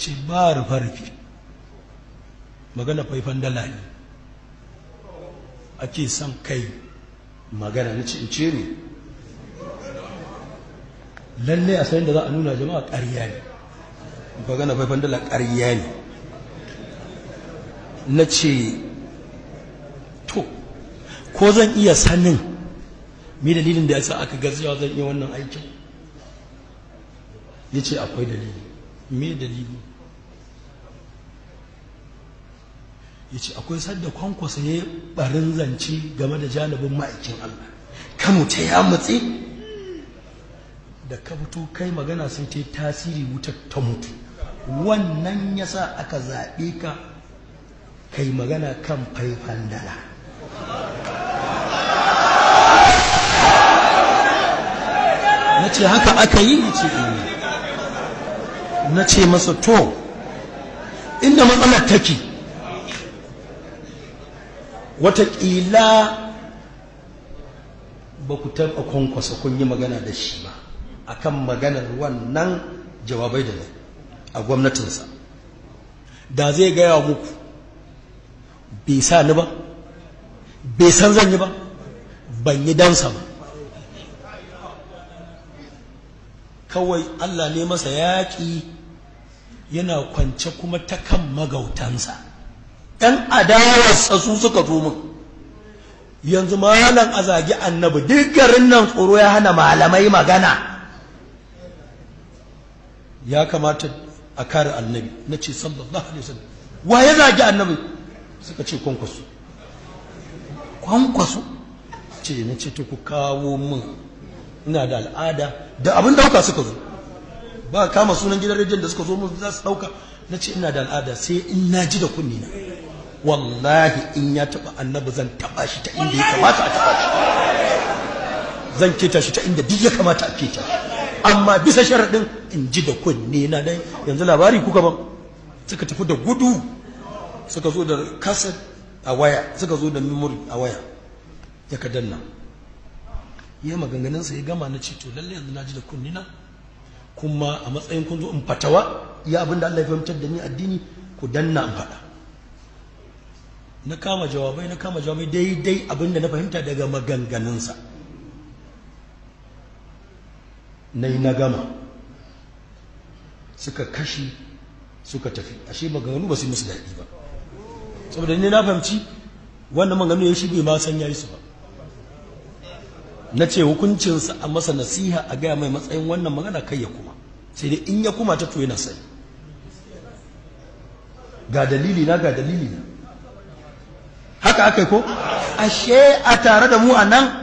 ce ba rufe magana faifan dala ne ake son kai magana na cince ne lalle a sayan da za a nuna jama'a ƙarya ne magana faifan dala ƙarya ne na ce to ko zan iya sanin me dalilin da ya sa aka gazawa zan iya wannan aikin ya ce akwai dalili me dalili ya ce akwai sadda kwankwasa ya yi barin zance game da janibin ma'aikin Allah ka ya mutse da ka fito kai magana sai ta tasiri wuta ta mutu wannan ya sa aka zaɓe ka kai magana kan faifan dala na ce haka aka yi ya ce eh. na ce masa to inda matsalar take watakila ba ku taɓa kwankwasa kun yi magana da shi ba akan maganar wannan jawabai da nan a gwamnatinsa da zai gaya muku bai sa ni ba bai san zan yi ba ban yi dansa ba kawai Allah ne masa yaƙi yana kwance kuma ta kan magautansa ɗan adawarsa su suka zo min yanzu malam a zagi annabi duk garin nan tsoro ya hana malamai magana ya kamata a kare annabi na ce sallallahu alaihi wasallam wa ya zagi annabi suka ce kwankwaso kwankwaso ce na ce ta ku kawo min ina da al'ada da abin dauka suka zo ba kama sunan gidan rediyon da suka zo mun za su dauka na ce ina da al'ada sai in na ji da kunni na wallahi in ya taba annabi zan taba shi ta inda ya kamata a taba shi zan keta shi ta inda duk ya kamata a keta amma bisa sharaɗin in ji da kunni na dai yanzu labari kuka ba suka tafi da gudu suka zo da kasar a waya suka zo da memory a waya ya ka danna ya maganganunsa ya gama na ce to lalle yanzu na ji da kunni na kuma a matsayin kun zo in fatawa iya abin da Allah ya fahimtar da ni addini ku danna in faɗa na kama jawabai na kama jawabai daidai abin da na fahimta daga maganganunsa na yi na gama suka kashi suka tafi ashe maganganu ba su musu daɗi ba saboda ni na fahimci wannan maganganu ya shi bai ma san yayi su ba na ce hukuncinsa a masa nasiha a gaya mai matsayin wannan magana kai ya kuma sai dai in ya kuma ta to yana sai ga dalili na ga dalili haka aka ko ashe a tare da mu a nan